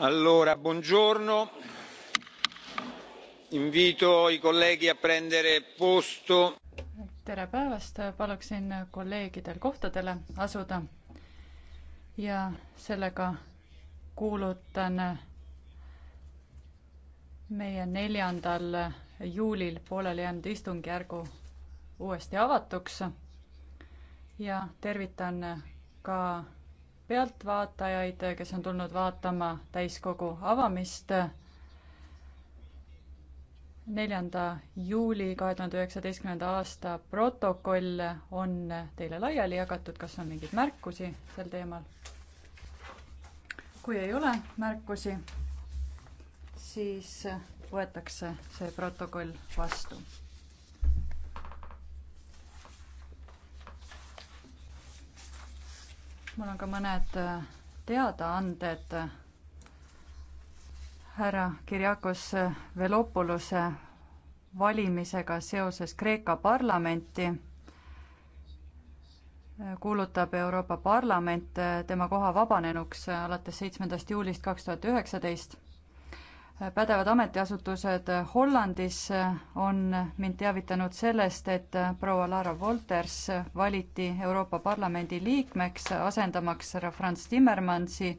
allora buongiorno invito i colleghi a prendere posto tere päevast paluksin kolleegidel kohtadele asuda ja sellega kuulutan meie neljandal juulil pooleli jäänud istungjärgu uuesti avatuks ja tervitan ka pealtvaatajaid, kes on tulnud vaatama täiskogu avamist neljanda juuli kahe tuhande üheksateistkümnenda aasta protokoll on teile laiali jagatud, kas on mingeid märkusi sel teemal? kui ei ole märkusi, siis võetakse see protokoll vastu mul on ka mõned äh, teadaanded härra Kirjakos äh, Velopoluse valimisega seoses Kreeka parlamenti äh, kuulutab Euroopa Parlament tema koha vabanenuks alates seitsmendast juulist kaks tuhat üheksateist pädevad ametiasutused Hollandis on mind teavitanud sellest, et proua Lara Wolters valiti Euroopa Parlamendi liikmeks, asendamaks härra Franz Timmermansi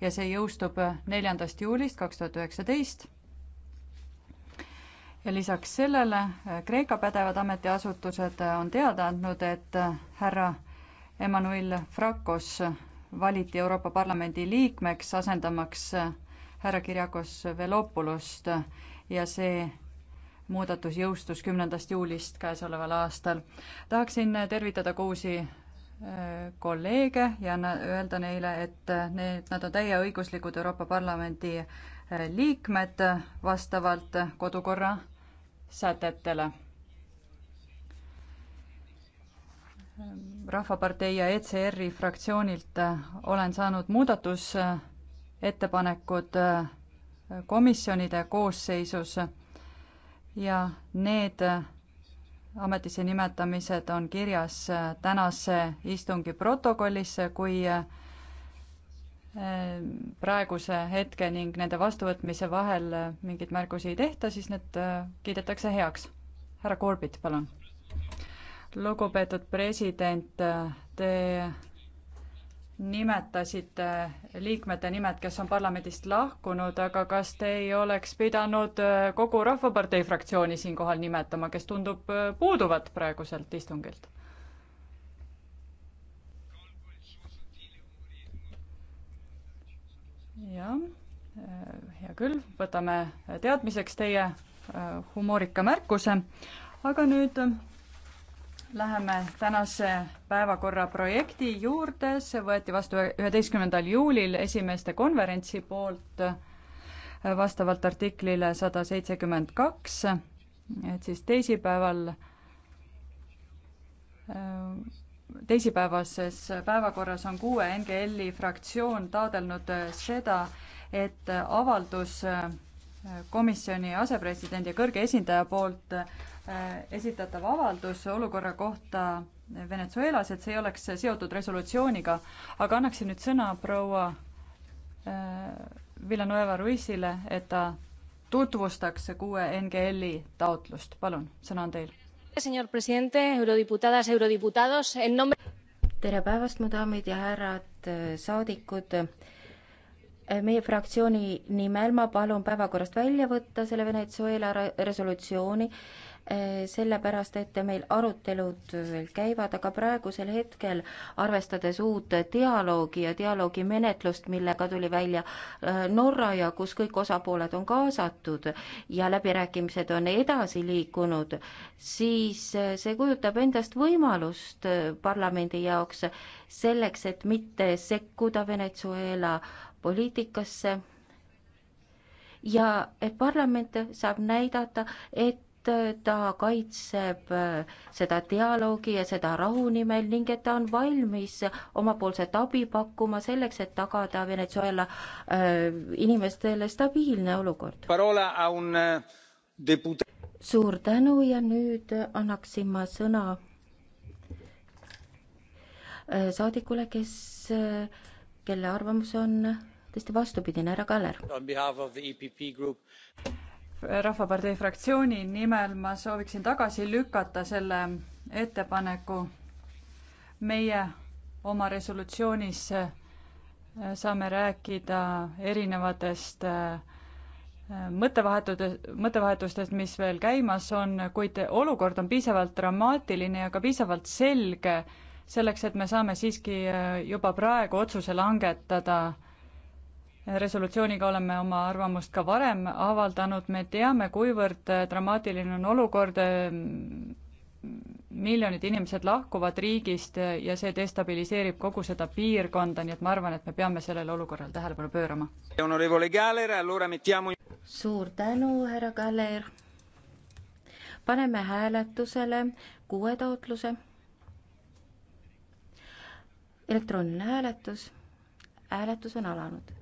ja see jõustub neljandast juulist kaks tuhat üheksateist ja lisaks sellele äh, Kreeka pädevad ametiasutused äh, on teada andnud, et äh, härra Emmanuel Frakos valiti Euroopa Parlamendi liikmeks, asendamaks härra Kirjakos Velopulust ja see muudatus jõustus kümnendast juulist käesoleval aastal. tahaksin tervitada kuusi äh, kolleege ja öelda neile, et äh, need, nad on täieõiguslikud Euroopa Parlamendi äh, liikmed vastavalt kodukorra sätetele. rahvapartei ja ECR-i fraktsioonilt olen saanud muudatus ettepanekud äh, komisjonide koosseisus ja need äh, ametisse nimetamised on kirjas äh, tänase istungi protokollis, kui praeguse hetke ning nende vastuvõtmise vahel mingeid märkusi ei tehta, siis need kiidetakse heaks. härra Korbit, palun. lugupeetud president, te nimetasite liikmete nimed, kes on parlamendist lahkunud, aga kas te ei oleks pidanud äh, kogu Rahvapartei fraktsiooni siinkohal nimetama, kes tundub äh, puuduvat praeguselt istungilt? jah, äh, hea küll, võtame teadmiseks teie humoorika märkuse, aga nüüd Läheme tänase päevakorra projekti juurde, see võeti vastu üheteistkümnendal juulil esimeeste konverentsi poolt äh, vastavalt artiklile sada seitsekümmend kaks, et siis teisipäeval, äh, teisipäevases päevakorras on kuue NGL-i fraktsioon taadelnud äh, seda, et avaldus komisjoni asepresidendi ja kõrge esindaja poolt äh, esitatav avaldus olukorra kohta Venezuelas, et see ei oleks seotud resolutsiooniga, aga annaksin nüüd sõna proua äh, Villanueva Ruizile, et ta tutvustaks kuue NGL-i taotlust, palun, sõna on teil. tere päevast, mu daamid ja härrad saadikud meie fraktsiooni nimel ma palun päevakorrast välja võtta selle Venezuela resolutsiooni, eh, sellepärast et meil arutelud veel käivad, aga praegusel hetkel, arvestades uut dialoogi ja dialoogimenetlust, millega tuli välja eh, Norra ja kus kõik osapooled on kaasatud ja läbirääkimised on edasi liikunud, siis eh, see kujutab endast võimalust parlamendi jaoks selleks, et mitte sekkuda Venezuela poliitikasse ja et parlament saab näidata, et ta kaitseb äh, seda dialoogi ja seda rahu nimel ning et ta on valmis omapoolset abi pakkuma selleks, et tagada Venezuela äh, inimestele stabiilne olukord. Äh, suur tänu ja nüüd annaksin ma sõna saadikule, kes, kelle arvamus on täiesti vastupidine, härra Kaller. E rahvapartei fraktsiooni nimel ma sooviksin tagasi lükata selle ettepaneku. meie oma resolutsioonis äh, saame rääkida erinevatest äh, mõttevahetude, mõttevahetustest, mis veel käimas on, kuid olukord on piisavalt dramaatiline ja ka piisavalt selge selleks, et me saame siiski äh, juba praegu otsuse langetada resolutsiooniga oleme oma arvamust ka varem avaldanud, me teame, kuivõrd äh, dramaatiline on olukord, äh, miljonid inimesed lahkuvad riigist äh, ja see destabiliseerib kogu seda piirkonda, nii et ma arvan, et me peame sellele olukorrale tähelepanu pöörama. suur tänu, härra Galler. paneme hääletusele kuue taotluse. elektrooniline hääletus. hääletus on alanud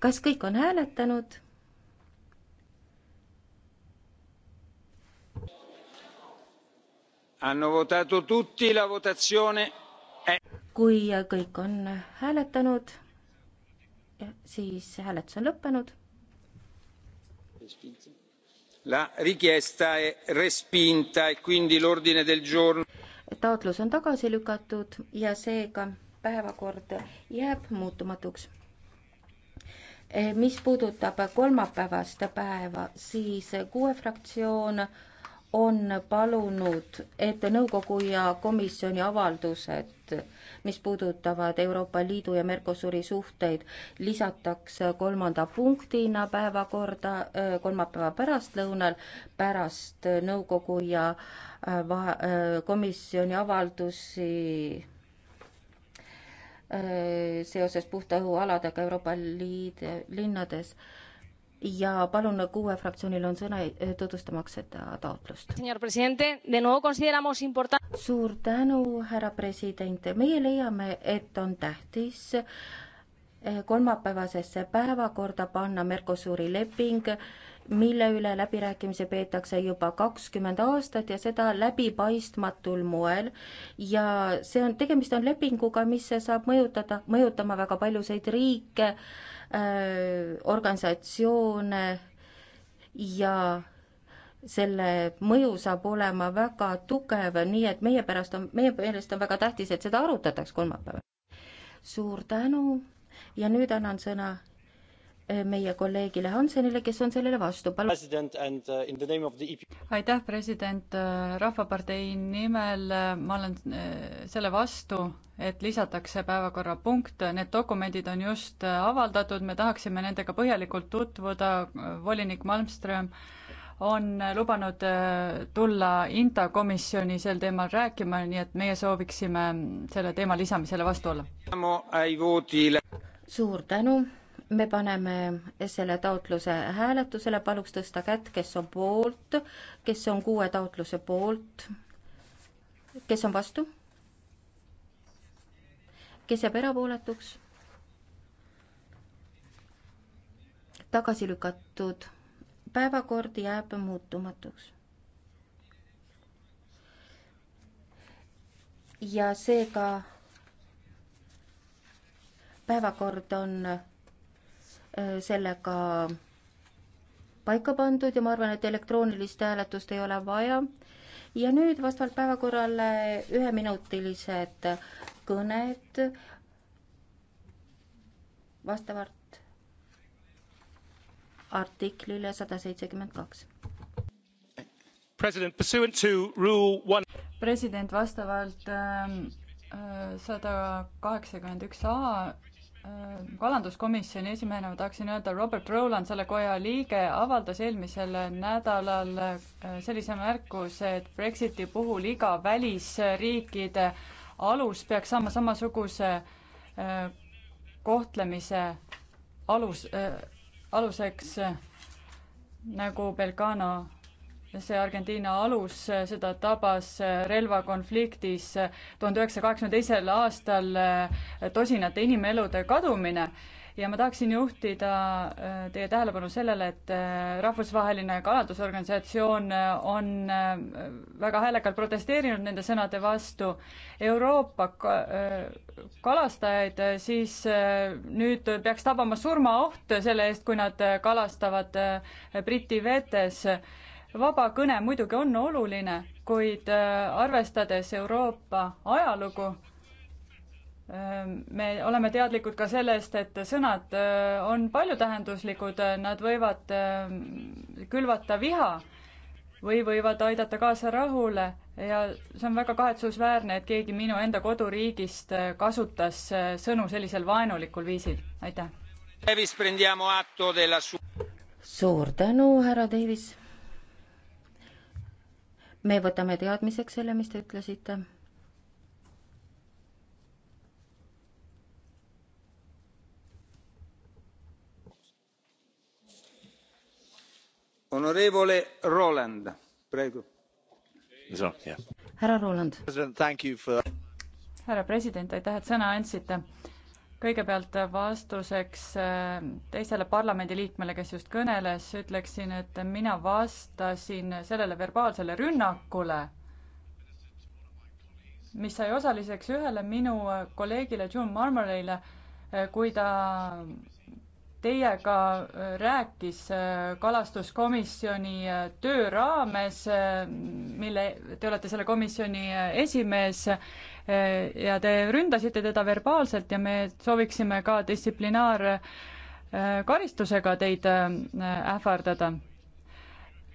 kas kõik on hääletanud? kui kõik on hääletanud, siis hääletus on lõppenud. La richiesta è respinta e quindi l'ordine del giorno. taotlus on tagasi lükatud ja seega päevakord jääb muutumatuks eh, mis puudutab kolmapäevast päeva, siis kuue fraktsioon on palunud, et nõukogu ja komisjoni avaldused, mis puudutavad Euroopa Liidu ja Mercosuri suhteid, lisatakse kolmanda punktina päevakorda eh, kolmapäeva pärastlõunal pärast nõukogu ja eh, komisjoni avaldusi Äh, seoses puhta õhu aladega Euroopa Liid linnades ja palun, kuue fraktsioonil on sõna äh, tutvustamaks seda taotlust. suur tänu, härra president, meie leiame, et on tähtis äh, kolmapäevasesse päevakorda panna Mercosuri leping mille üle läbirääkimisi peetakse juba kakskümmend aastat ja seda läbipaistmatul moel. ja see on, tegemist on lepinguga, mis saab mõjutada, mõjutama väga paljusid riike äh,, organisatsioone ja selle mõju saab olema väga tugev, nii et meie pärast on, meie meelest on väga tähtis, et seda arutataks kolmapäeval. suur tänu ja nüüd annan sõna meie kolleegile Hansenile, kes on sellele vastu, palun. Uh, e aitäh, president, uh, Rahvapartei nimel uh, ma olen selle vastu, et lisatakse päevakorrapunkt, need dokumendid on just avaldatud, me tahaksime nendega põhjalikult tutvuda, volinik Malmström on lubanud tulla INTA komisjoni sel teemal rääkima, nii et meie sooviksime selle teema lisamisele vastu olla. suur tänu me paneme selle taotluse hääletusele, paluks tõsta kätt, kes on poolt, kes on kuue taotluse poolt, kes on vastu, kes jääb erapooletuks, tagasi lükatud, päevakord jääb muutumatuks. ja seega päevakord on Äh, sellega paika pandud ja ma arvan, et elektroonilist hääletust ei ole vaja. ja nüüd vastavalt päevakorrale üheminutilised kõned vastavalt artiklile sada seitsekümmend kaks. president, pursuant to rule one. president vastavalt ähm, äh, sada kaheksakümmend üks A Äh, kalanduskomisjoni esimehena ma tahaksin öelda, Robert Roland, selle koja liige, avaldas eelmisel nädalal äh, sellise märkuse, et Brexiti puhul iga välisriikide alus peaks saama samasuguse äh, kohtlemise alus äh,, aluseks nagu Belcano see Argentiina alus, seda tabas relvakonfliktis tuhande üheksasaja kaheksakümne teisel aastal tosinate inimelude kadumine ja ma tahaksin juhtida äh, teie tähelepanu sellele, et äh, rahvusvaheline kalandusorganisatsioon äh, on väga häälekalt protesteerinud nende sõnade vastu. Euroopa kalastajaid siis nüüd peaks tabama surmaoht selle eest, kui nad kalastavad Briti vetes vaba kõne muidugi on oluline, kuid äh, arvestades Euroopa ajalugu, äh, me oleme teadlikud ka sellest, et sõnad äh, on paljutähenduslikud, nad võivad külvata viha või võivad aidata kaasa rahule ja see on väga kahetsusväärne, et keegi minu enda koduriigist kasutas sõnu sellisel vaenulikul viisil, aitäh. suur tänu, härra Davis me võtame teadmiseks selle, mis te ütlesite. Honorevole Roland, praegu. härra Roland. härra president, aitäh, et sõna andsite kõigepealt äh, vastuseks äh, teisele parlamendiliikmele, kes just kõneles, ütleksin, et mina vastasin sellele verbaalsele rünnakule, mis sai osaliseks ühele minu äh, kolleegile June Marmoreile, kui ta teiega rääkis kalastuskomisjoni töö raames, mille, te olete selle komisjoni esimees ja te ründasite teda verbaalselt ja me sooviksime ka distsiplinaarkaristusega teid äh, ähvardada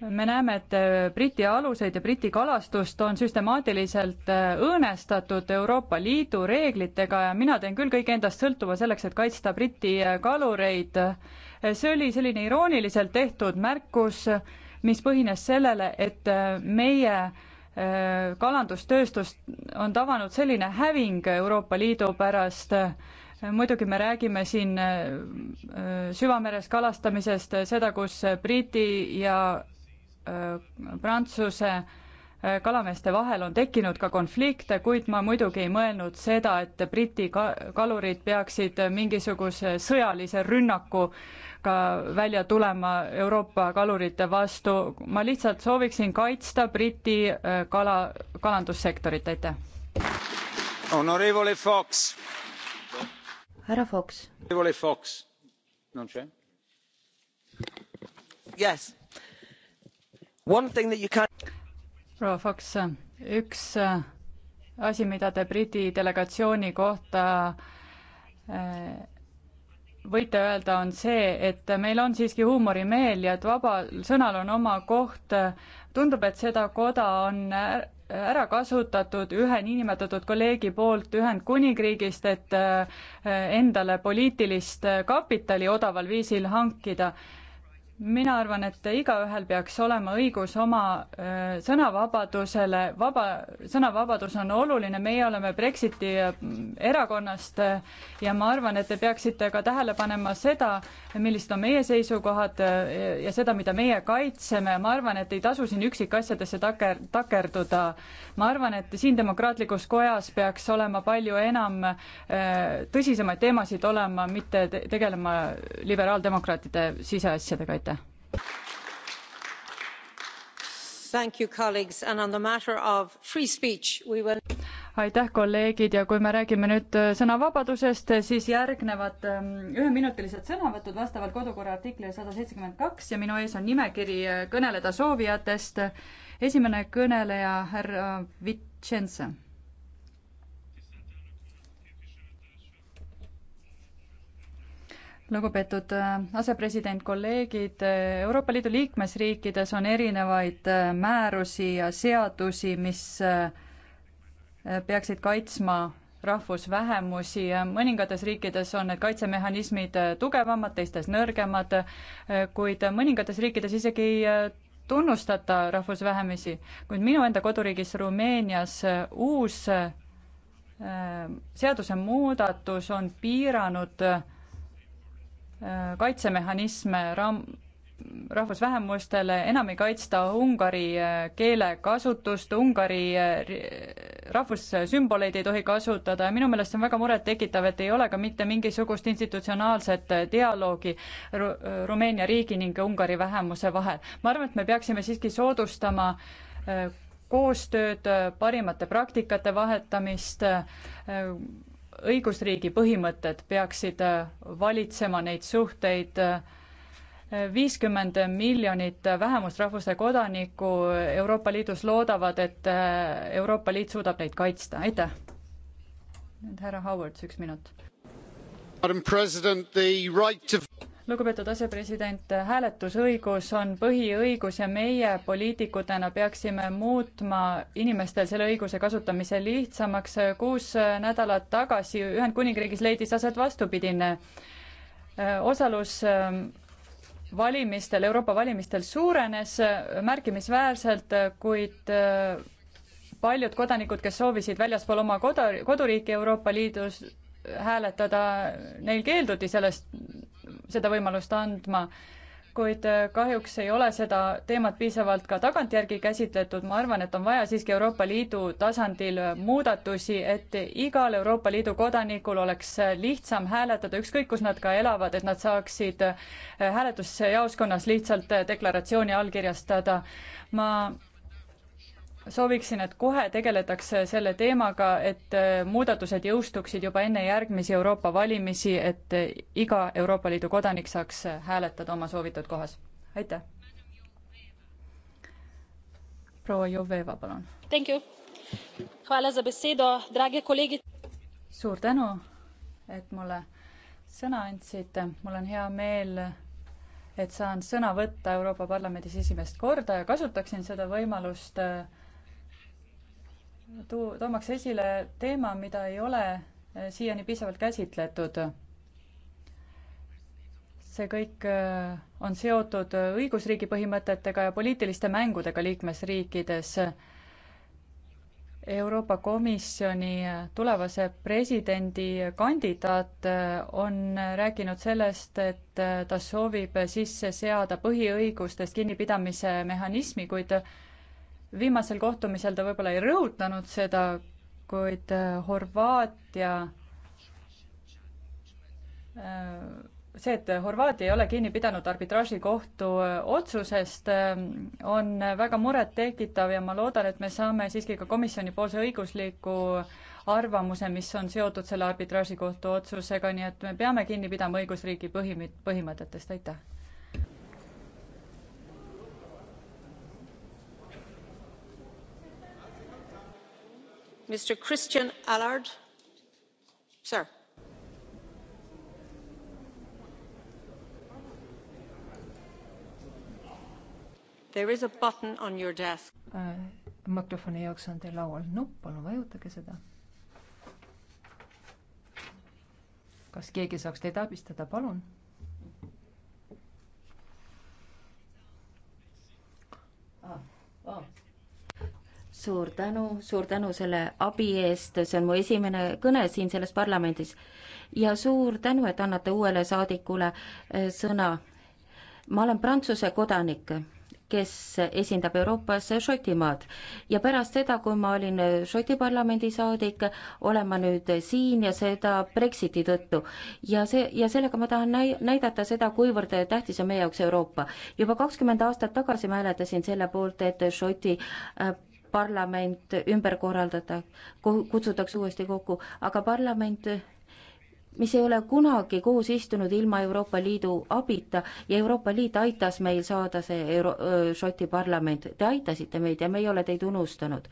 me näeme, et äh, Briti aluseid ja Briti kalastust on süstemaatiliselt äh, õõnestatud Euroopa Liidu reeglitega ja mina teen küll kõik endast sõltuva selleks, et kaitsta Briti kalureid. see oli selline irooniliselt tehtud märkus, mis põhines sellele, et meie Äh, kalandustööstust on tabanud selline häving Euroopa Liidu pärast. muidugi me räägime siin äh, äh, süvameres kalastamisest, seda, kus Briti ja Prantsuse kalameeste vahel on tekkinud ka konflikte, kuid ma muidugi ei mõelnud seda, et Briti ka-, kalurid peaksid mingisuguse sõjalise rünnaku äh, ka välja tulema Euroopa kalurite vastu. ma lihtsalt sooviksin kaitsta Briti äh, kala, kalandussektorit, aitäh. Honorevole Fox. härra Fox. Honorevole Fox. Yes. One thing that you can't proua Fox, üks äh, asi, mida te Briti delegatsiooni kohta äh, võite öelda, on see, et meil on siiski huumorimeel ja et vabal sõnal on oma koht. tundub, et seda koda on ära kasutatud ühe niinimetatud kolleegi poolt Ühendkuningriigist, et äh, endale poliitilist kapitali odaval viisil hankida mina arvan, et igaühel peaks olema õigus oma äh, sõnavabadusele, vaba, sõnavabadus on oluline, meie oleme Brexiti äh, erakonnast äh, ja ma arvan, et te peaksite ka tähele panema seda, millised on meie seisukohad ja seda, mida meie kaitseme, ma arvan, et ei tasu siin üksikasjadesse taker, takerduda. ma arvan, et siin demokraatlikus kojas peaks olema palju enam tõsisemaid teemasid olema, mitte tegelema liberaaldemokraatide siseasjadega, aitäh aitäh, kolleegid, ja kui me räägime nüüd äh, sõnavabadusest, äh, siis järgnevad ähm, üheminutilised sõnavõtud vastavalt kodukorra artiklile sada seitsekümmend kaks ja minu ees on nimekiri äh, kõneleda soovijatest. esimene kõneleja, härra Vitšense lugupeetud äh, asepresident, kolleegid, äh, Euroopa Liidu liikmesriikides on erinevaid äh, määrusi ja seadusi, mis peaksid kaitsma rahvusvähemusi, mõningates riikides on need kaitsemehhanismid tugevamad, teistes nõrgemad, kuid mõningates riikides isegi ei tunnustata rahvusvähemusi, kuid minu enda koduriigis Rumeenias uus seadusemuudatus on piiranud äh, kaitsemehhanisme raam-, rahvusvähemustele, enam ei kaitsta ungari äh, keele kasutust, ungari äh, rahvussümboleid ei tohi kasutada ja minu meelest see on väga murettekitav, et ei ole ka mitte mingisugust institutsionaalset äh, dialoogi Ru Rumeenia riigi ning Ungari vähemuse vahel. ma arvan, et me peaksime siiski soodustama koostööd, parimate praktikate vahetamist, õigusriigi põhimõtted peaksid äh, valitsema neid suhteid. Äh, viiskümmend miljonit vähemusrahvuse kodanikku Euroopa Liidus loodavad, et äh, Euroopa Liit suudab neid kaitsta, aitäh. nüüd härra Howard, üks minut. Madam President, the right to lugupeetud asepresident, hääletusõigus on põhiõigus ja meie poliitikutena peaksime muutma inimestel selle õiguse kasutamise lihtsamaks. kuus nädalat tagasi Ühendkuningriigis leidis aset vastupidine osalus ähm, valimistel, Euroopa valimistel suurenes märkimisväärselt, kuid äh, paljud kodanikud, kes soovisid väljaspool oma kodu, koduriiki Euroopa Liidus hääletada, neil keelduti sellest seda võimalust andma, kuid äh, kahjuks ei ole seda teemat piisavalt ka tagantjärgi käsitletud, ma arvan, et on vaja siiski Euroopa Liidu tasandil muudatusi, et igal Euroopa Liidu kodanikul oleks äh, lihtsam hääletada, ükskõik kus nad ka elavad, et nad saaksid äh, hääletusjaoskonnas lihtsalt deklaratsiooni allkirjastada. ma sooviksin, et kohe tegeletakse selle teemaga, et äh, muudatused jõustuksid juba enne järgmisi Euroopa valimisi, et äh, iga Euroopa Liidu kodanik saaks äh, hääletada oma soovitud kohas. aitäh! proua Joveva, palun! suur tänu, et mulle sõna andsite, mul on hea meel et saan sõna võtta Euroopa Parlamendis esimest korda ja kasutaksin seda võimalust äh, tuu-, toomaks esile teema, mida ei ole eh, siiani piisavalt käsitletud. see kõik eh, on seotud eh, õigusriigi põhimõtetega ja poliitiliste mängudega liikmesriikides. Euroopa Komisjoni tulevase presidendi kandidaat on rääkinud sellest, et ta soovib sisse seada põhiõigustest kinnipidamise mehhanismi, kuid viimasel kohtumisel ta võib-olla ei rõhutanud seda, kuid äh, Horvaatia, äh, see, et Horvaatia ei ole kinni pidanud arbitraažikohtu äh, otsusest, on väga murettekitav ja ma loodan, et me saame siiski ka komisjonipoolse õigusliku arvamuse, mis on seotud selle arbitraažikohtu otsusega, nii et me peame kinni pidama õigusriigi põhimi-, põhimõtetest, aitäh! Äh, mikrofoni jaoks on teil laual nupp, palun vajutage seda. kas keegi saaks teid abistada, palun? Ah, ah suur tänu, suur tänu selle abi eest, see on mu esimene kõne siin selles parlamendis. ja suur tänu, et annate uuele saadikule eh, sõna. ma olen Prantsuse kodanik kes esindab Euroopas Šotimaad. ja pärast seda, kui ma olin Šoti parlamendi saadik, olen ma nüüd siin ja seda Brexiti tõttu. ja see, ja sellega ma tahan näi-, näidata seda, kuivõrd tähtis on meie jaoks Euroopa. juba kakskümmend aastat tagasi ma hääletasin selle poolt, et Šoti äh, parlament ümber korraldada, kutsutakse uuesti kokku, aga parlament mis ei ole kunagi koos istunud ilma Euroopa Liidu abita ja Euroopa Liit aitas meil saada see Euro-, Šoti parlament, te aitasite meid ja me ei ole teid unustanud.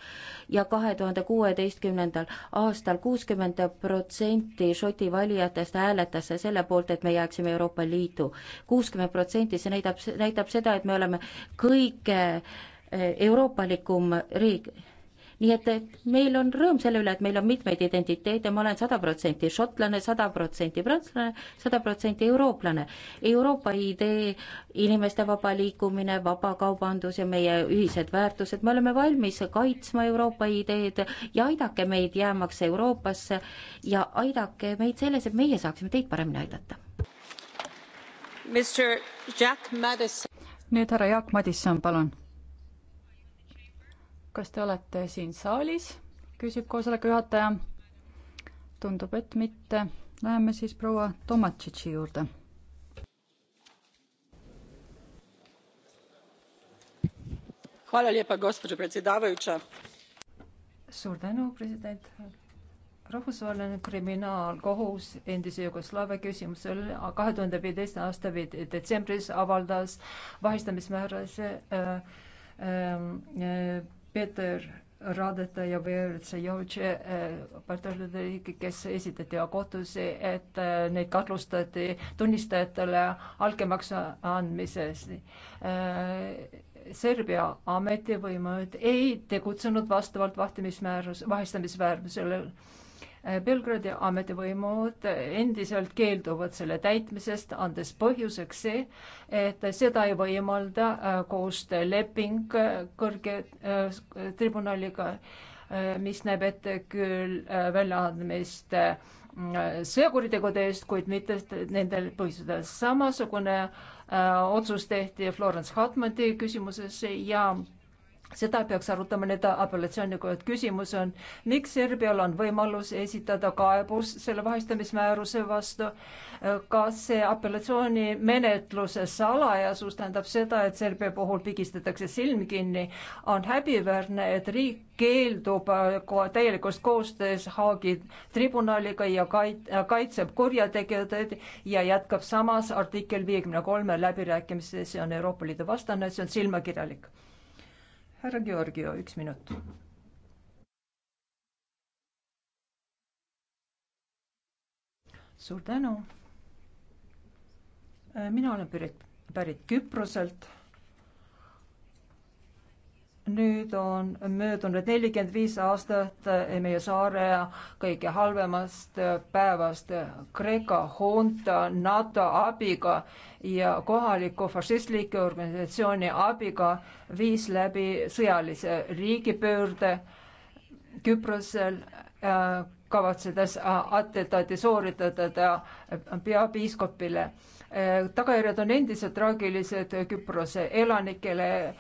ja kahe tuhande kuueteistkümnendal aastal kuuskümmend protsenti Šoti valijatest hääletas selle poolt, et me jääksime Euroopa Liitu. kuuskümmend protsenti, see näitab, näitab seda, et me oleme kõige äh, euroopalikum riik. nii et, et meil on rõõm selle üle, et meil on mitmeid identiteete, ma olen sada protsenti šotlane, sada protsenti prantslane, sada protsenti eurooplane. Euroopa idee, inimeste vaba liikumine, vabakaubandus ja meie ühised väärtused, me oleme valmis kaitsma Euroopa ideed ja aidake meid jäämaks Euroopasse ja aidake meid selles, et meie saaksime teid paremini aidata. nüüd härra Jaak Madisson, palun kas te olete siin saalis? küsib koosoleku juhataja. tundub, et mitte. Läheme siis proua Tomatšitši juurde. suur tänu, president. rahvusvaheline kriminaalkohus endise Jugoslaavia küsimusel kahe tuhande viieteist aasta detsembris avaldas vahistamismäärase äh, äh, äh Peeter Radeta ja Vertsejovice eh, partnerlude riiki, kes esitati kohtusse, et eh, neid kahtlustati tunnistajatele altkäemaksu andmises. Eh, Serbia ametivõimud ei tegutsenud vastavalt vahtamismäärus, vahistamisväärtusele Belgradi ametivõimud endiselt keelduvad selle täitmisest, andes põhjuseks see, et seda ei võimalda äh, koostööleping äh, kõrge äh, tribunaliga, mis näeb ette küll väljaandmist sõjakuritegude eest, kuid mitte nendel põhjustel. samasugune otsus tehti Florence Hartmanni küsimuses ja seda peaks arutama nende apellatsioonikohad. küsimus on, miks Serbial on võimalus esitada kaebus selle vahistamismääruse vastu. kas see apellatsioonimenetluse salajasus tähendab seda, et Serbia puhul pigistatakse silm kinni? on häbiväärne, et riik keeldub täielikust koostöös Haagi tribunaliga ja kait-, kaitseb kurjategijaid ja jätkab samas artikkel viiekümne kolme läbirääkimises, see on Euroopa Liidu vastane, see on silmakirjalik härra Georgiev, üks minut. suur tänu. Äh, mina olen pärit, pärit Küproselt nüüd on möödunud nelikümmend viis aastat eh, meie saare kõige halvemast eh, päevast Kreeka hunta NATO abiga ja kohaliku fašistliku organisatsiooni abiga viis läbi sõjalise riigipöörde Küprosel eh, kavatsedes atentaati sooritada peapiiskopile tagajärjed on endiselt traagilised Küprose elanikele.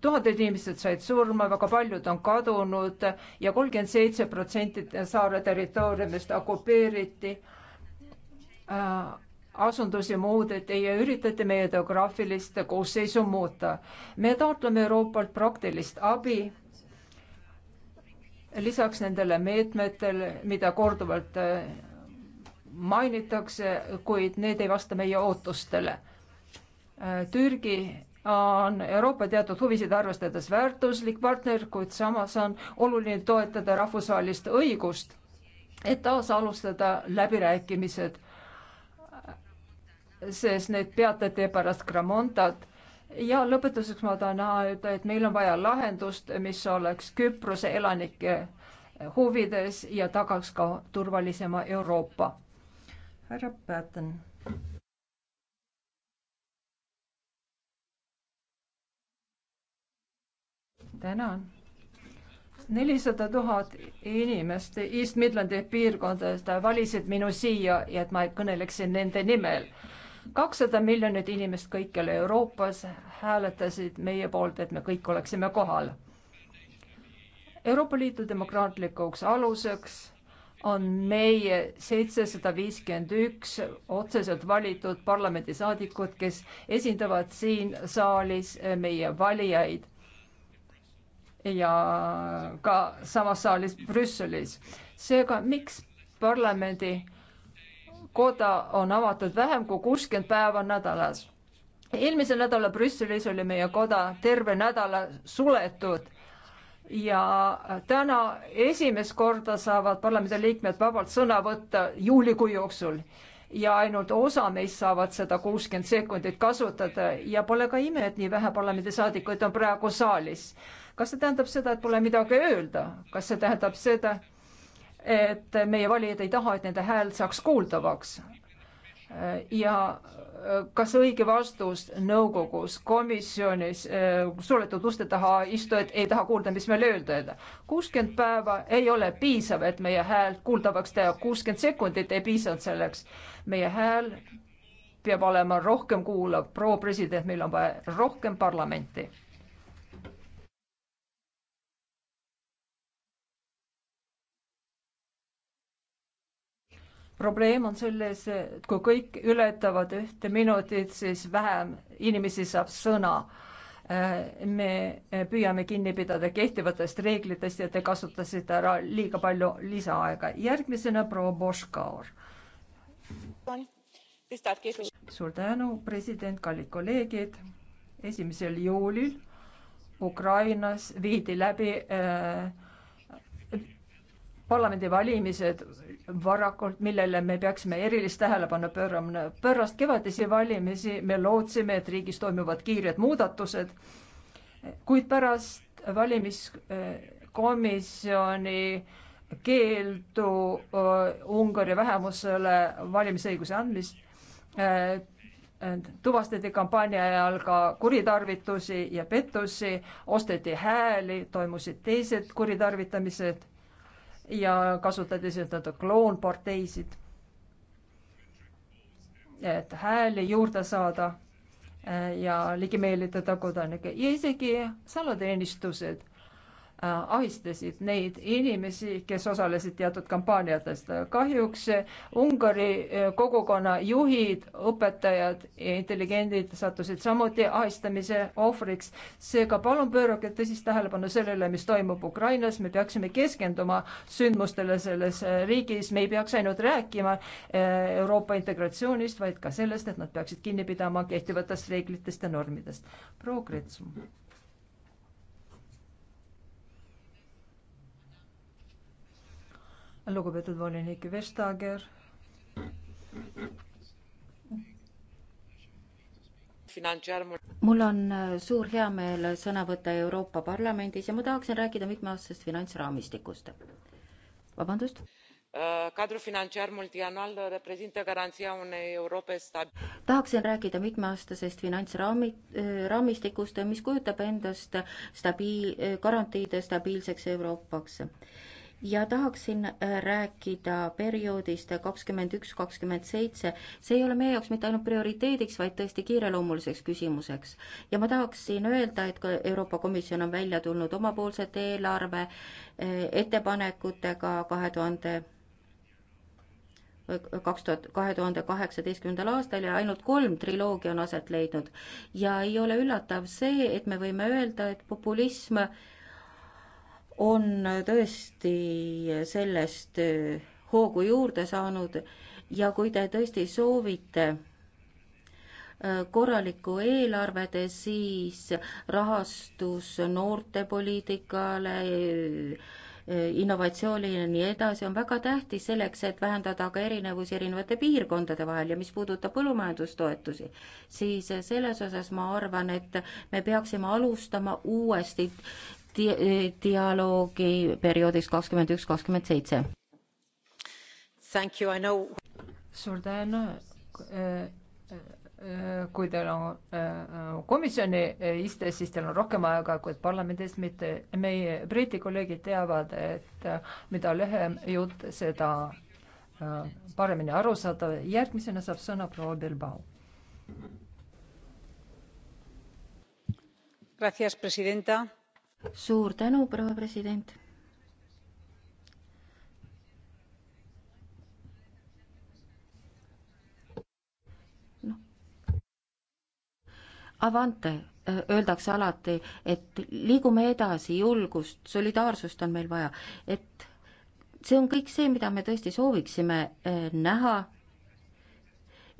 tuhanded inimesed said surma, väga paljud on kadunud ja kolmkümmend seitse protsenti saare territooriumist okupeeriti. Äh, asundusi muudeti ja üritati meie geograafilist koosseisu muuta. me taotleme Euroopalt praktilist abi lisaks nendele meetmetele, mida korduvalt äh, mainitakse, kuid need ei vasta meie ootustele. Türgi on Euroopa teatud huvisid arvestades väärtuslik partner, kuid samas on oluline toetada rahvusvahelist õigust, et taas alustada läbirääkimised, sest need peatati pärast Gramontat ja lõpetuseks ma tahan öelda, et meil on vaja lahendust, mis oleks Küprose elanike huvides ja tagaks ka turvalisema Euroopa härra Patten. tänan nelisada tuhat inimest East Midlandi piirkondadest valisid minu siia ja et ma kõneleksin nende nimel. kakssada miljonit inimest kõikjal Euroopas hääletasid meie poolt, et me kõik oleksime kohal. Euroopa Liidu demokraatlikuks aluseks on meie seitsesada viiskümmend üks otseselt valitud parlamendisaadikud, kes esindavad siin saalis eh, meie valijaid ja ka samas saalis Brüsselis. seega, miks parlamendikoda on avatud vähem kui kuuskümmend päeva nädalas? eelmisel nädalal Brüsselis oli meie koda terve nädala suletud ja täna esimest korda saavad parlamendiliikmed vabalt sõna võtta juulikuu jooksul ja ainult osa meist saavad seda kuuskümmend sekundit kasutada ja pole ka ime, et nii vähe parlamendisaadikuid on praegu saalis. kas see tähendab seda, et pole midagi öelda, kas see tähendab seda, et meie valijad ei taha, et nende hääl saaks kuuldavaks? ja kas õige vastus nõukogus, komisjonis eh, suletud uste taha istujad ei taha kuulda, mis meil öelda. kuuskümmend päeva ei ole piisav, et meie hääl kuuldavaks teha, kuuskümmend sekundit ei piisanud selleks. meie hääl peab olema rohkem kuulav, proua president, meil on vaja rohkem parlamenti probleem on selles, et kui kõik ületavad ühte minutit, siis vähem inimesi saab sõna. Äh, me äh, püüame kinni pidada kehtivatest reeglitest ja te kasutasite ära liiga palju lisaaega. järgmisena proua Boškaur. suur tänu, president, kallid kolleegid. esimesel juulil Ukrainas viidi läbi äh, parlamendivalimised varakult, millele me peaksime erilist tähelepanu pöörama. pärast kevadisi valimisi me lootsime, et riigis toimuvad kiired muudatused, kuid pärast valimiskomisjoni keeldu äh, Ungari vähemusele valimisõiguse andmist äh, tuvastati kampaania ajal ka kuritarvitusi ja pettusi, osteti hääli, toimusid teised kuritarvitamised ja kasutati seda kloonparteisid, et hääli juurde saada äh, ja ligi meelitada kodanikke ja isegi salateenistused Äh, ahistasid neid inimesi, kes osalesid teatud kampaaniatest. kahjuks äh, Ungari äh, kogukonna juhid, õpetajad ja intelligendid sattusid samuti ahistamise ohvriks. seega palun pöörake tõsist tähelepanu sellele, mis toimub Ukrainas, me peaksime keskenduma sündmustele selles riigis, me ei peaks ainult rääkima Euroopa integratsioonist, vaid ka sellest, et nad peaksid kinni pidama kehtivatest reeglitest ja normidest. proua Kretsum lugupeetud volinik Vestager. mul on äh, suur heameel sõna võtta Euroopa Parlamendis ja ma tahaksin rääkida mitmeaastasest finantsraamistikust. vabandust? Äh, cadrul financiar multianual reprezintă garanția unei Europe stabile. tahaksin rääkida mitmeaastasest finantsraamistikust, äh, mis kujutab endast stabiil, garantiide stabiilseks Euroopaks ja tahaksin äh, rääkida perioodist kakskümmend üks, kakskümmend seitse. see ei ole meie jaoks mitte ainult prioriteediks, vaid tõesti kiireloomuliseks küsimuseks. ja ma tahaksin öelda, et ka Euroopa Komisjon on välja tulnud omapoolsete eelarve äh, ettepanekutega kahe tuhande äh, kaks tuhat, kahe tuhande kaheksateistkümnendal aastal ja ainult kolm triloogia on aset leidnud. ja ei ole üllatav see, et me võime öelda, et populism äh, on tõesti sellest hoogu juurde saanud ja kui te tõesti soovite äh, korralikku eelarvet, siis rahastus noortepoliitikale, äh, innovatsioonile ja nii edasi on väga tähtis selleks, et vähendada ka erinevusi erinevate piirkondade vahel ja mis puudutab põllumajandustoetusi, siis selles osas ma arvan, et me peaksime alustama uuesti di-, dialoogi perioodiks kakskümmend üks, kakskümmend seitse. suur tänu äh, äh, kui teil on äh, komisjoni iste, siis teil on rohkem aega, kuid parlamendis mitte. meie Briti kolleegid teavad, et mida lühem jutt, seda paremini aru saada. järgmisena saab sõna proua Bilbao. Gracias, presidenta suur tänu, proua president. noh, Avante äh, öeldakse alati, et liigume edasi, julgust, solidaarsust on meil vaja, et see on kõik see, mida me tõesti sooviksime äh, näha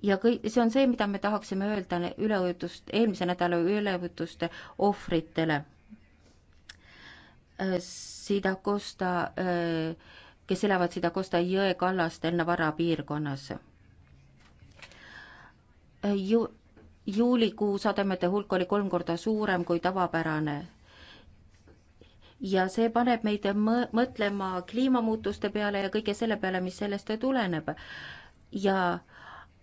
ja kõik, see on see, mida me tahaksime öelda üleujutuste, eelmise nädala üleujutuste ohvritele Äh, Sida Costa, äh, kes elavad Sida Costa jõe kallastel Navara piirkonnas. Äh, ju-, juulikuu sademete hulk oli kolm korda suurem kui tavapärane ja see paneb meid mõtlema kliimamuutuste peale ja kõige selle peale, mis sellest tuleneb. ja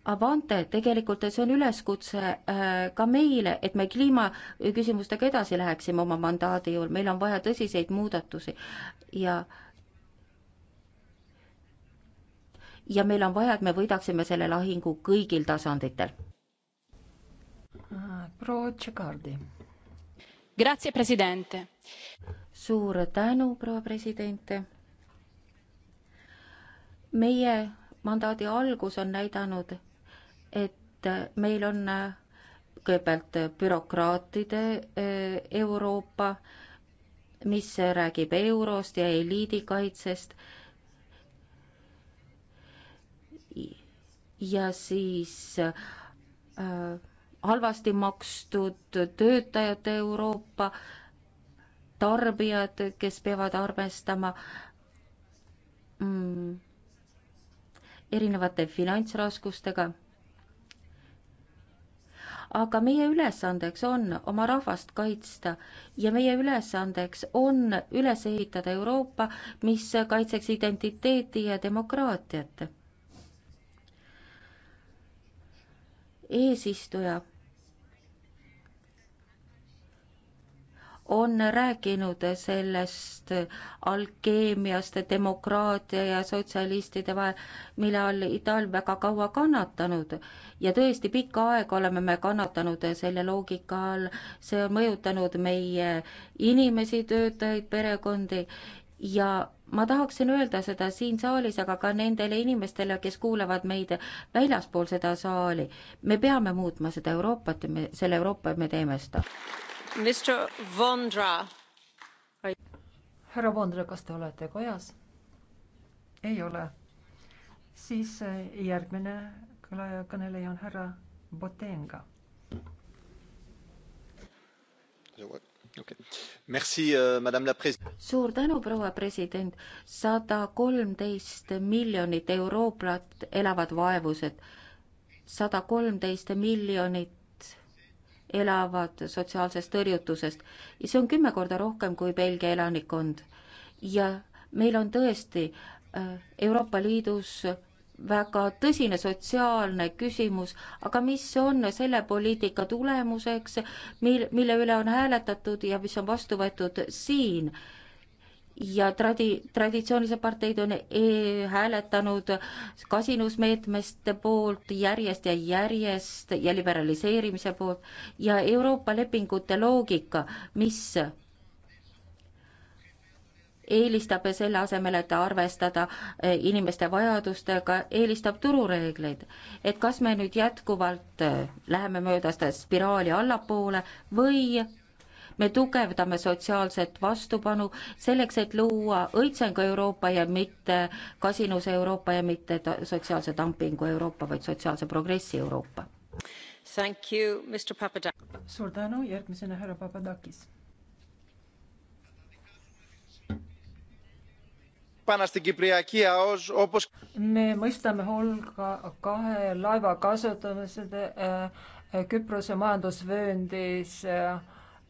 Avante, tegelikult see on üleskutse äh, ka meile, et me kliimaküsimustega edasi läheksime oma mandaadi juurde, meil on vaja tõsiseid muudatusi ja ja meil on vaja, et me võidaksime selle lahingu kõigil tasanditel. Äh, proua Tšekardi. Grazie, president. suur tänu, proua president. meie mandaadi algus on näidanud, et meil on äh, kõigepealt äh, bürokraatide äh, Euroopa, mis räägib eurost ja eliidikaitsest. ja siis äh, halvasti makstud töötajate Euroopa, tarbijad, kes peavad arvestama mm, erinevate finantsraskustega aga meie ülesandeks on oma rahvast kaitsta ja meie ülesandeks on üles ehitada Euroopa, mis kaitseks identiteeti ja demokraatiat. eesistuja on rääkinud sellest alkeemiast demokraatia ja sotsialistide vahel, mille all Itaalia väga kaua kannatanud ja tõesti pikka aega oleme me kannatanud selle loogika all, see on mõjutanud meie inimesi, töötajaid, perekondi ja ma tahaksin öelda seda siin saalis, aga ka nendele inimestele, kes kuulavad meid väljaspool seda saali, me peame muutma seda Euroopat ja me, selle Euroopa me teeme seda härra Vondra, kas te olete kojas? ei ole. siis eh, järgmine kõneleja on härra Botenga. Okay. Merci, eh, suur tänu, proua president. sada kolmteist miljonit eurooplat elavad vaevused, sada kolmteist miljonit elavad sotsiaalsest tõrjutusest ja see on kümme korda rohkem kui Belgia elanikkond. ja meil on tõesti äh, Euroopa Liidus väga tõsine sotsiaalne küsimus, aga mis on selle poliitika tulemuseks, mil, mille üle on hääletatud ja mis on vastu võetud siin ja tradi-, traditsioonilised parteid on e hääletanud kasinusmeetmeste poolt järjest ja järjest ja liberaliseerimise poolt ja Euroopa lepingute loogika, mis eelistab selle asemel, et arvestada e, inimeste vajadustega, eelistab turureegleid. et kas me nüüd jätkuvalt e, läheme mööda seda spiraali allapoole või me tugevdame sotsiaalset vastupanu selleks, et luua õitsengu Euroopa ja mitte kasinuse Euroopa ja mitte ta-, sotsiaalse dumpingu Euroopa, vaid sotsiaalse progressi Euroopa. Thank you, Mr Papadak-. suur tänu, järgmisena härra Papadakis. me mõistame hulga kahe laeva kasutamised äh, Küprose majandusvööndis äh,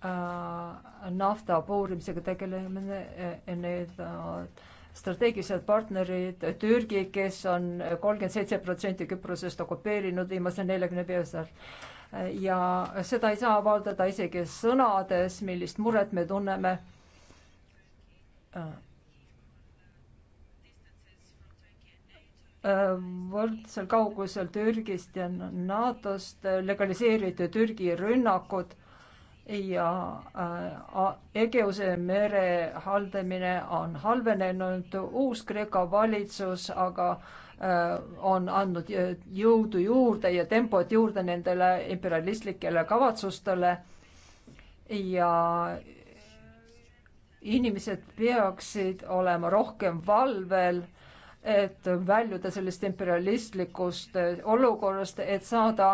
nafta puurimisega tegelemine, need strateegilised partnerid, Türgi, kes on kolmkümmend seitse protsenti Küprosest okupeerinud viimase neljakümne aastal ja seda ei saa avaldada isegi sõnades, millist muret me tunneme. võrdsel kaugusel Türgist ja NATO-st legaliseeriti Türgi rünnakud ja äh, Egeuse mere haldamine on halvenenud, uus Kreeka valitsus aga äh, on andnud jõudu juurde ja tempot juurde nendele imperialistlikele kavatsustele ja inimesed peaksid olema rohkem valvel et väljuda sellest imperialistlikust äh, olukorrast, et saada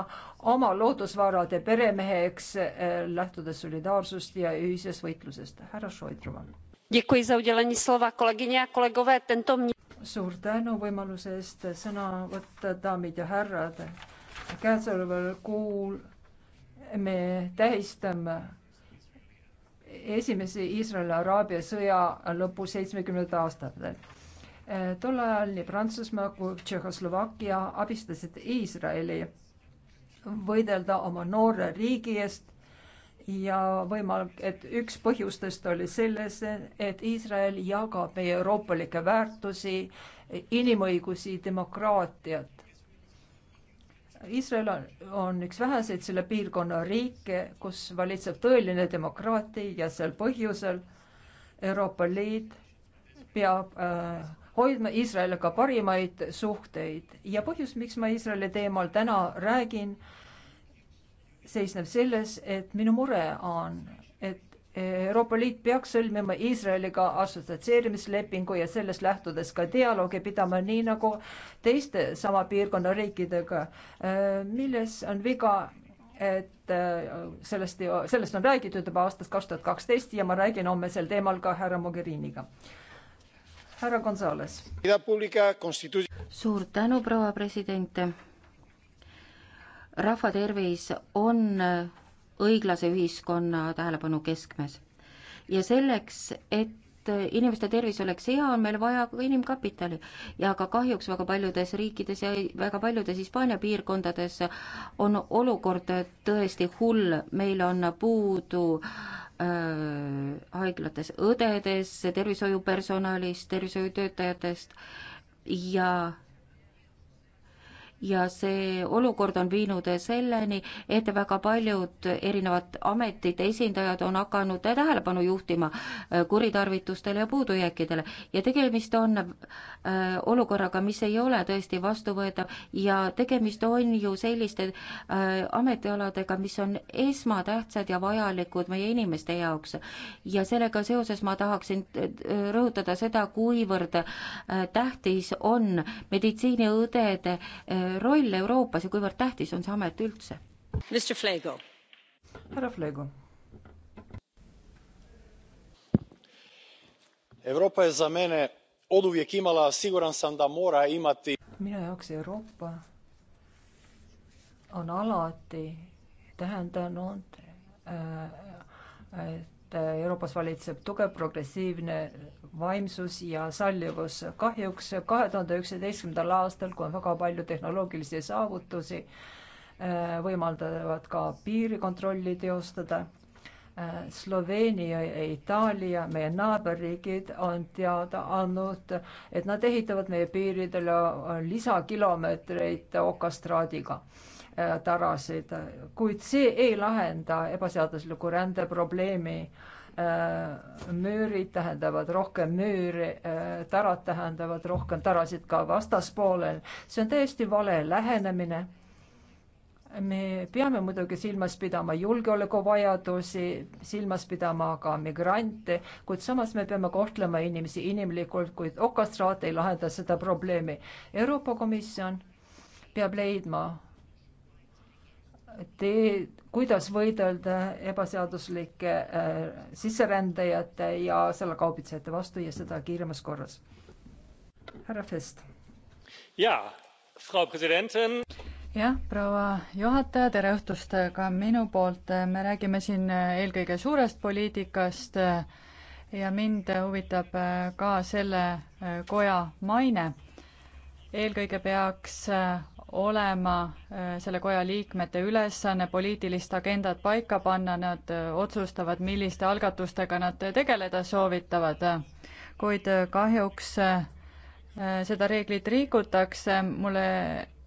oma loodusvarade peremeheks, äh, lähtudes solidaarsusest ja ühisest võitlusest. härra Šoidrova. suur tänu võimaluse eest sõna võtta, daamid ja härrad. käesoleval kuul me tähistame esimese Iisraeli-Araabia sõja lõpu seitsmekümnendat aastat tol ajal nii Prantsusmaa kui Tšehhoslovakkia abistasid Iisraeli võidelda oma noore riigi eest ja võimalik, et üks põhjustest oli selles, et Iisrael jagab meie euroopalikke väärtusi, inimõigusi, demokraatiat. Iisrael on, on üks väheseid selle piirkonna riike, kus valitseb tõeline demokraatia ja sel põhjusel Euroopa Liit peab äh, hoidma Iisraeliga parimaid suhteid ja põhjus, miks ma Iisraeli teemal täna räägin, seisneb selles, et minu mure on, et Euroopa Liit peaks sõlmima Iisraeliga assotsieerimislepingu ja sellest lähtudes ka dialoogi pidama, nii nagu teiste sama piirkonna riikidega. milles on viga, et äh, sellest, sellest on räägitud juba aastast kaks tuhat kaksteist ja ma räägin homme sel teemal ka härra Mogheriniga härra Gonzales. suur tänu, proua president. rahvatervis on õiglase ühiskonna tähelepanu keskmes ja selleks, et inimeste tervis oleks hea, on meil vaja ka inimkapitali. ja ka kahjuks väga paljudes riikides ja väga paljudes Hispaania piirkondades on olukord tõesti hull, meil on puudu äh, Äh, haiglates õdedes, tervishoiupersonalist, tervishoiutöötajatest ja ja see olukord on viinud selleni, et väga paljud erinevad ametite esindajad on hakanud tähelepanu juhtima äh, kuritarvitustele ja puudujääkidele ja tegemist on äh, olukorraga, mis ei ole tõesti vastuvõetav ja tegemist on ju selliste äh, ametialadega, mis on esmatähtsad ja vajalikud meie inimeste jaoks. ja sellega seoses ma tahaksin rõhutada seda, kuivõrd tähtis on meditsiiniõdede roll Euroopas ja kuivõrd tähtis on see amet üldse? härra Flego. Euroopa je za mene oduvijek imala, siguran sam da mora imati. minu jaoks Euroopa on alati tähendanud, äh, äh, et Euroopas valitseb tugev progressiivne vaimsus ja sallivus. kahjuks kahe tuhande üheksateistkümnendal aastal, kui on väga palju tehnoloogilisi saavutusi, äh, võimaldavad ka piirikontrolli teostada. Äh, Sloveenia ja Itaalia, meie naaberriigid, on teada andnud, et nad ehitavad meie piiridele lisakilomeetreid okastraadiga äh, tarasid, kuid see ei lahenda ebaseadusliku rände probleemi Äh, müürid tähendavad rohkem müüri, äh, tärad tähendavad rohkem tärasid ka vastaspoolel. see on täiesti vale lähenemine. me peame muidugi silmas pidama julgeolekuvajadusi, silmas pidama ka migrante, kuid samas me peame kohtlema inimesi inimlikult, kuid okastraat ei lahenda seda probleemi. Euroopa Komisjon peab leidma tee, kuidas võidelda ebaseaduslike äh, sisserändajate ja selle kaubitsejate vastu ja seda kiiremas korras. härra Fest. jaa, Frau Präsidentin jah, proua juhataja, tere õhtust ka minu poolt. me räägime siin eelkõige suurest poliitikast ja mind huvitab ka selle koja maine. eelkõige peaks olema äh, selle koja liikmete ülesanne poliitilist agendat paika panna, nad äh, otsustavad, milliste algatustega nad tegeleda soovitavad. kuid äh, kahjuks seda reeglit rikutakse, mulle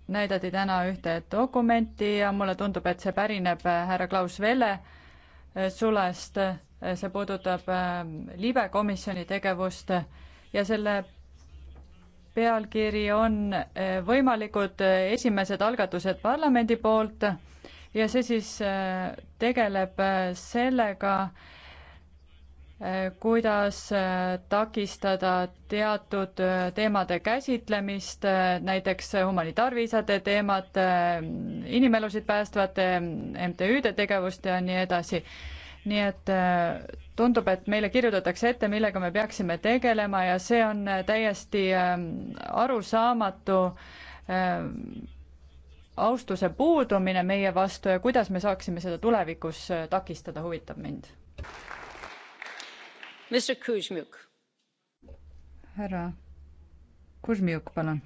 näidati täna ühte dokumenti ja mulle tundub, et see pärineb härra Klaus Velle sulest, see puudutab libekomisjoni tegevust ja selle pealkiri on eh, Võimalikud eh, esimesed algatused parlamendi poolt ja see siis eh, tegeleb sellega, kuidas takistada teatud teemade käsitlemist, näiteks humanitaarviisade teemat, inimelusid päästvate MTÜ-de tegevust ja nii edasi nii et äh, tundub, et meile kirjutatakse ette, millega me peaksime tegelema ja see on äh, täiesti ähm, arusaamatu ähm, austuse puudumine meie vastu ja kuidas me saaksime seda tulevikus äh, takistada, huvitab mind. härra Kuzmjuk, palun.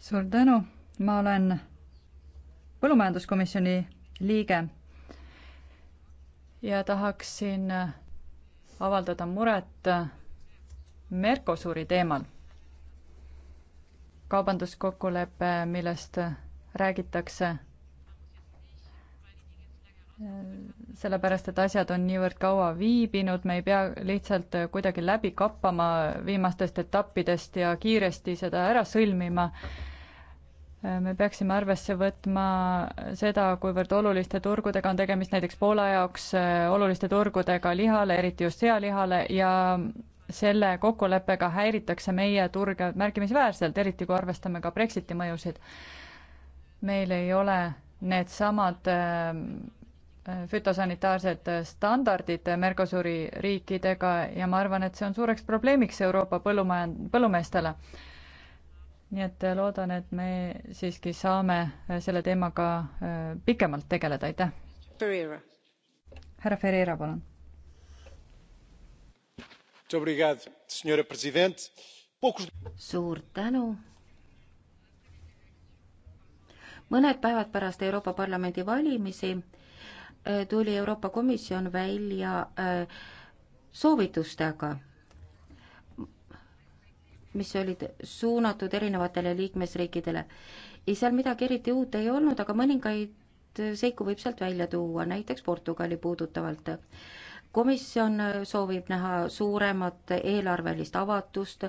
suur tänu, ma olen põllumajanduskomisjoni liige. ja tahaksin avaldada muret Mercosuri teemal. kaubanduskokkulepe, millest räägitakse sellepärast, et asjad on niivõrd kaua viibinud, me ei pea lihtsalt kuidagi läbi kappama viimastest etappidest ja kiiresti seda ära sõlmima me peaksime arvesse võtma seda, kuivõrd oluliste turgudega on tegemist näiteks Poola jaoks äh, oluliste turgudega lihale, eriti just sealihale ja selle kokkuleppega häiritakse meie turge märkimisväärselt, eriti kui arvestame ka Brexiti mõjusid. meil ei ole needsamad äh, äh, fütosanitaarsed standardid Mercosuri riikidega ja ma arvan, et see on suureks probleemiks Euroopa põllumajan-, põllumeestele nii et äh, loodan, et me siiski saame äh, selle teemaga äh, pikemalt tegeleda, aitäh. härra Ferreira, palun. suur tänu. mõned päevad pärast Euroopa Parlamendi valimisi tuli Euroopa Komisjon välja soovitustega mis olid suunatud erinevatele liikmesriikidele. ei, seal midagi eriti uut ei olnud, aga mõningaid seiku võib sealt välja tuua, näiteks Portugali puudutavalt. komisjon soovib näha suuremat eelarvelist avatust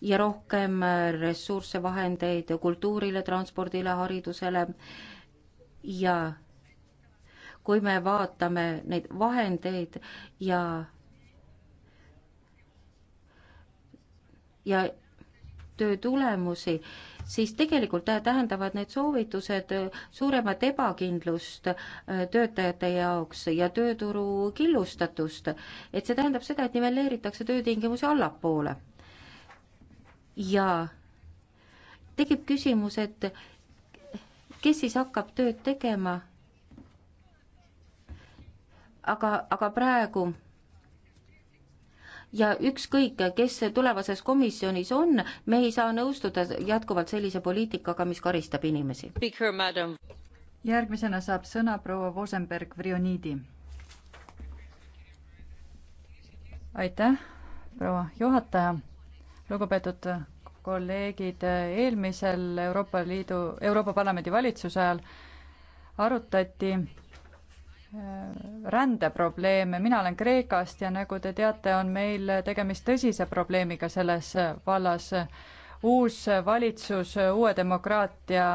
ja rohkem ressursse, vahendeid kultuurile, transpordile, haridusele ja kui me vaatame neid vahendeid ja ja töö tulemusi, siis tegelikult tähendavad need soovitused suuremat ebakindlust äh, töötajate jaoks ja tööturu killustatust. et see tähendab seda, et nivelleeritakse töötingimusi allapoole. ja tekib küsimus, et kes siis hakkab tööd tegema, aga, aga praegu ja ükskõik, kes tulevases komisjonis on, me ei saa nõustuda jätkuvalt sellise poliitikaga, mis karistab inimesi. järgmisena saab sõna proua Vosenberg-Vrionidi. aitäh, proua juhataja, lugupeetud kolleegid, eelmisel Euroopa Liidu, Euroopa Parlamendi valitsuse ajal arutati rändeprobleeme, mina olen Kreekast ja nagu te teate, on meil tegemist tõsise probleemiga selles vallas. uus valitsus uue demokraatia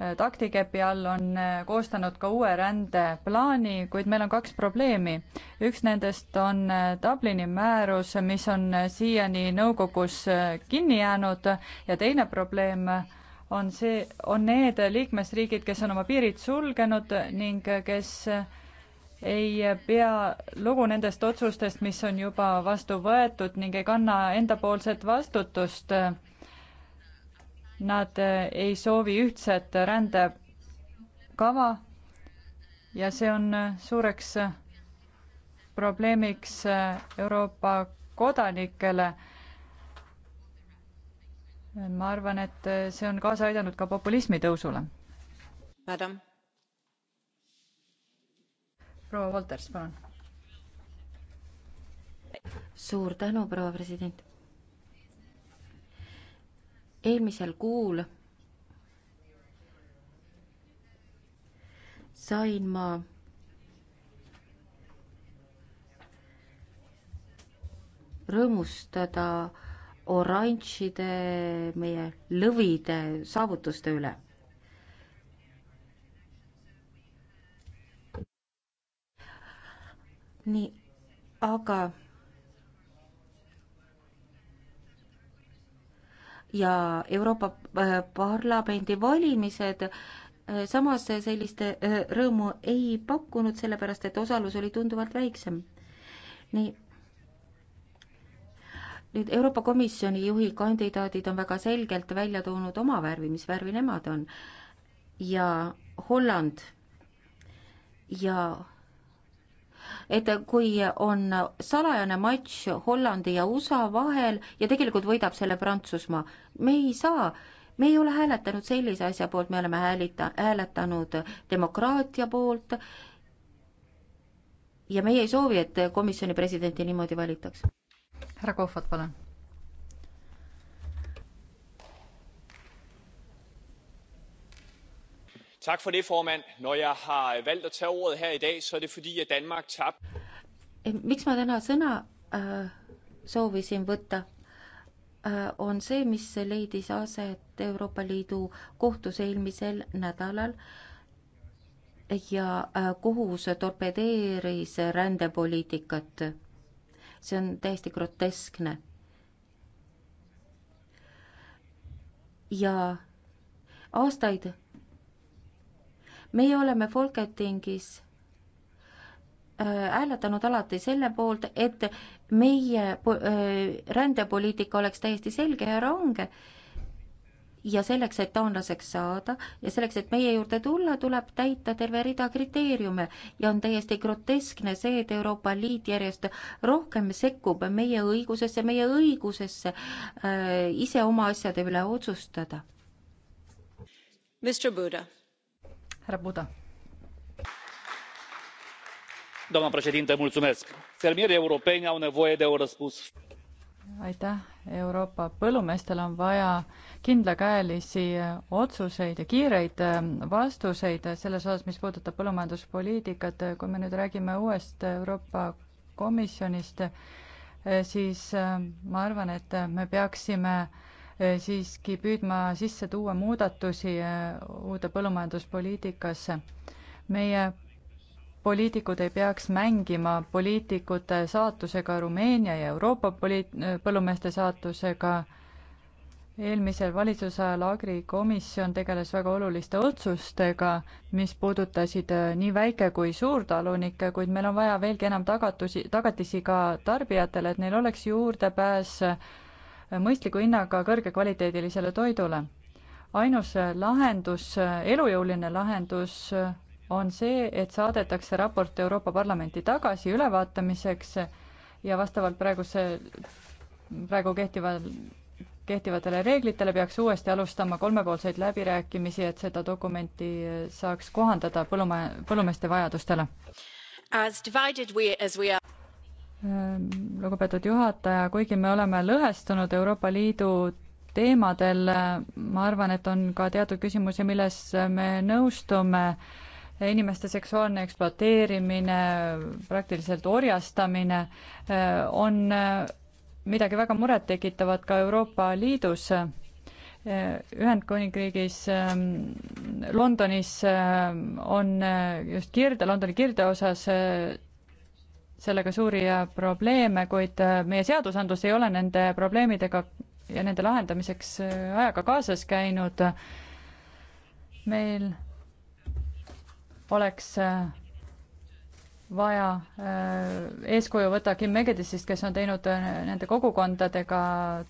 eh, taktikepi all on eh, koostanud ka uue rändeplaani, kuid meil on kaks probleemi. üks nendest on eh, Dublini määrus, mis on siiani nõukogus kinni jäänud ja teine probleem on see, on need liikmesriigid, kes on oma piirid sulgenud ning kes ei pea lugu nendest otsustest, mis on juba vastu võetud ning ei kanna endapoolset vastutust. Nad ei soovi ühtset rändekava ja see on suureks probleemiks Euroopa kodanikele. ma arvan, et see on kaasa aidanud ka populismi tõusule. Madam proua Wolters, palun. suur tänu, proua president. eelmisel kuul sain ma rõõmustada oranžide, meie lõvide saavutuste üle nii, aga ja Euroopa äh, Parlamendi valimised äh, samas sellist äh, rõõmu ei pakkunud, sellepärast et osalus oli tunduvalt väiksem. nii. nüüd Euroopa Komisjoni juhi kandidaadid on väga selgelt välja toonud oma värvi, mis värvi nemad on. ja Holland ja et kui on salajane matš Hollandi ja USA vahel ja tegelikult võidab selle Prantsusmaa, me ei saa me ei ole hääletanud sellise asja poolt, me oleme häälita, hääletanud demokraatia poolt ja meie ei soovi, et komisjoni presidenti niimoodi valitaks. härra Kohvat, palun tak for det formand når jeg har valgt at tage ordet her i dag så er det fordi at danmark tabte eh, miks ma täna sõna äh, soovisin võtta äh, on see mis leidis aset Euroopa Liidu kohtus eelmisel nädalal ja äh, kohus torpedeeris rändepoliitikat see on täiesti groteskne ja aastaid meie oleme Folketingis hääletanud äh, alati selle poolt, et meie äh, rändepoliitika oleks täiesti selge ja range ja selleks, et taanlaseks saada ja selleks, et meie juurde tulla, tuleb täita terve rida kriteeriume ja on täiesti groteskne see, et Euroopa Liit järjest rohkem sekkub meie õigusesse, meie õigusesse äh, ise oma asjade üle otsustada. Mr Buda doamnă președintă fermierii europeni au nevoie de un răspuns. aitäh! euroopa põllumeestel on vaja kindlakäelisi eh, otsuseid ja kiireid eh, vastuseid selles osas mis puudutab põllumajanduspoliitikat. Eh, kui me nüüd räägime uuest euroopa komisjonist siis ma arvan et me peaksime Eh, siiski püüdma sisse tuua muudatusi eh, uude põllumajanduspoliitikasse. meie poliitikud ei peaks mängima poliitikute saatusega Rumeenia ja Euroopa poliit-, eh, põllumeeste saatusega. eelmisel valitsuse ajal Agri komisjon tegeles väga oluliste otsustega, mis puudutasid nii väike- kui suurtalunikke, kuid meil on vaja veelgi enam tagatusi, tagatisi ka tarbijatele, et neil oleks juurdepääs äh, mõistliku hinnaga kõrgekvaliteedilisele toidule. ainus lahendus, elujõuline lahendus on see, et saadetakse raport Euroopa Parlamenti tagasi ülevaatamiseks ja vastavalt praeguse, praegu kehtival, kehtivatele reeglitele peaks uuesti alustama kolmepoolseid läbirääkimisi, et seda dokumenti saaks kohandada põllumaja, põllumeeste vajadustele. As divided we as we are Ehm, lugupeetud juhataja, kuigi me oleme lõhestunud Euroopa Liidu teemadel, ma arvan, et on ka teatud küsimusi, milles me nõustume. inimeste seksuaalne ekspluateerimine, praktiliselt orjastamine ehm, on ehm, midagi väga murettekitavat ka Euroopa Liidus Ühendkuningriigis Londonis on just kirde, Londoni kirde osas sellega suuri äh, probleeme, kuid äh, meie seadusandlus ei ole nende probleemidega ja nende lahendamiseks äh, ajaga kaasas käinud. meil oleks vaja eeskuju võtta Kim Megedisist, kes on teinud nende kogukondadega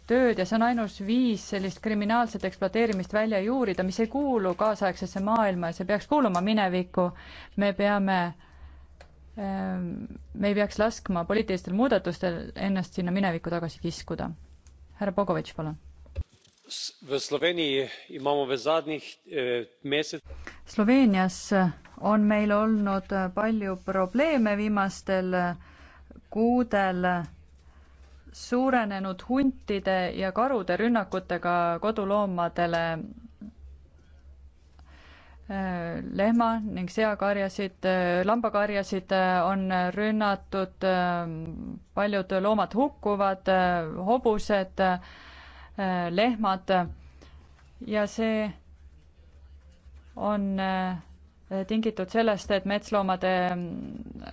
tööd ja see on ainus viis sellist kriminaalset ekspluateerimist välja juurida, mis ei kuulu kaasaegsesse maailma ja see peaks kuuluma minevikku. me peame Ehm, me ei peaks laskma poliitilistel muudatustel ennast sinna minevikku tagasi kiskuda. härra Bogovič, palun. E, Sloveenias on meil olnud palju probleeme viimastel kuudel suurenenud huntide ja karude rünnakutega koduloomadele Äh, lehma- ning seakarjasid, äh, lambakarjasid äh, on rünnatud, paljud loomad hukkuvad, hobused, lehmad ja see on tingitud sellest, et metsloomade mm,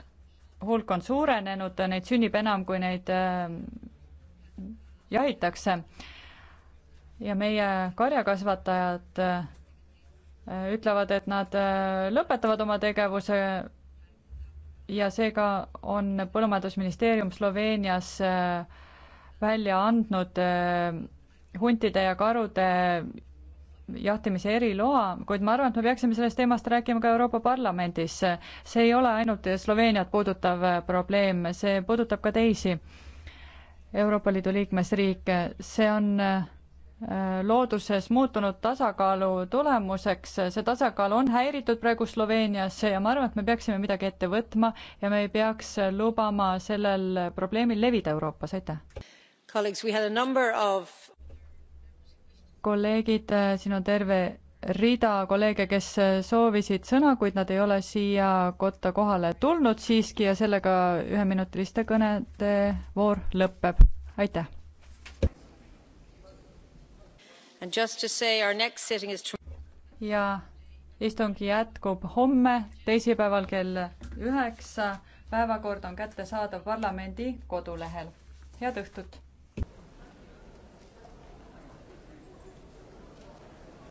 hulk on suurenenud, neid sünnib enam, kui neid jahitakse. ja meie karjakasvatajad ütlevad, et nad äh, lõpetavad oma tegevuse ja seega on Põllumajandusministeerium Sloveenias äh, välja andnud äh, huntide ja karude jahtimise eriloa, kuid ma arvan, et me peaksime sellest teemast rääkima ka Euroopa Parlamendis. see ei ole ainult Sloveeniat puudutav probleem, see puudutab ka teisi Euroopa Liidu liikmesriike, see on äh, looduses muutunud tasakaalu tulemuseks, see tasakaal on häiritud praegu Sloveenias ja ma arvan, et me peaksime midagi ette võtma ja me ei peaks lubama sellel probleemil levida Euroopas, aitäh. Of... kolleegid, eh, siin on terve rida kolleege, kes eh, soovisid sõna, kuid nad ei ole siia kotta kohale tulnud siiski ja sellega üheminutiliste kõnede voor lõpeb, aitäh ja istung jätkub homme, teisipäeval kell üheksa. päevakord on kättesaadav parlamendi kodulehel. head õhtut!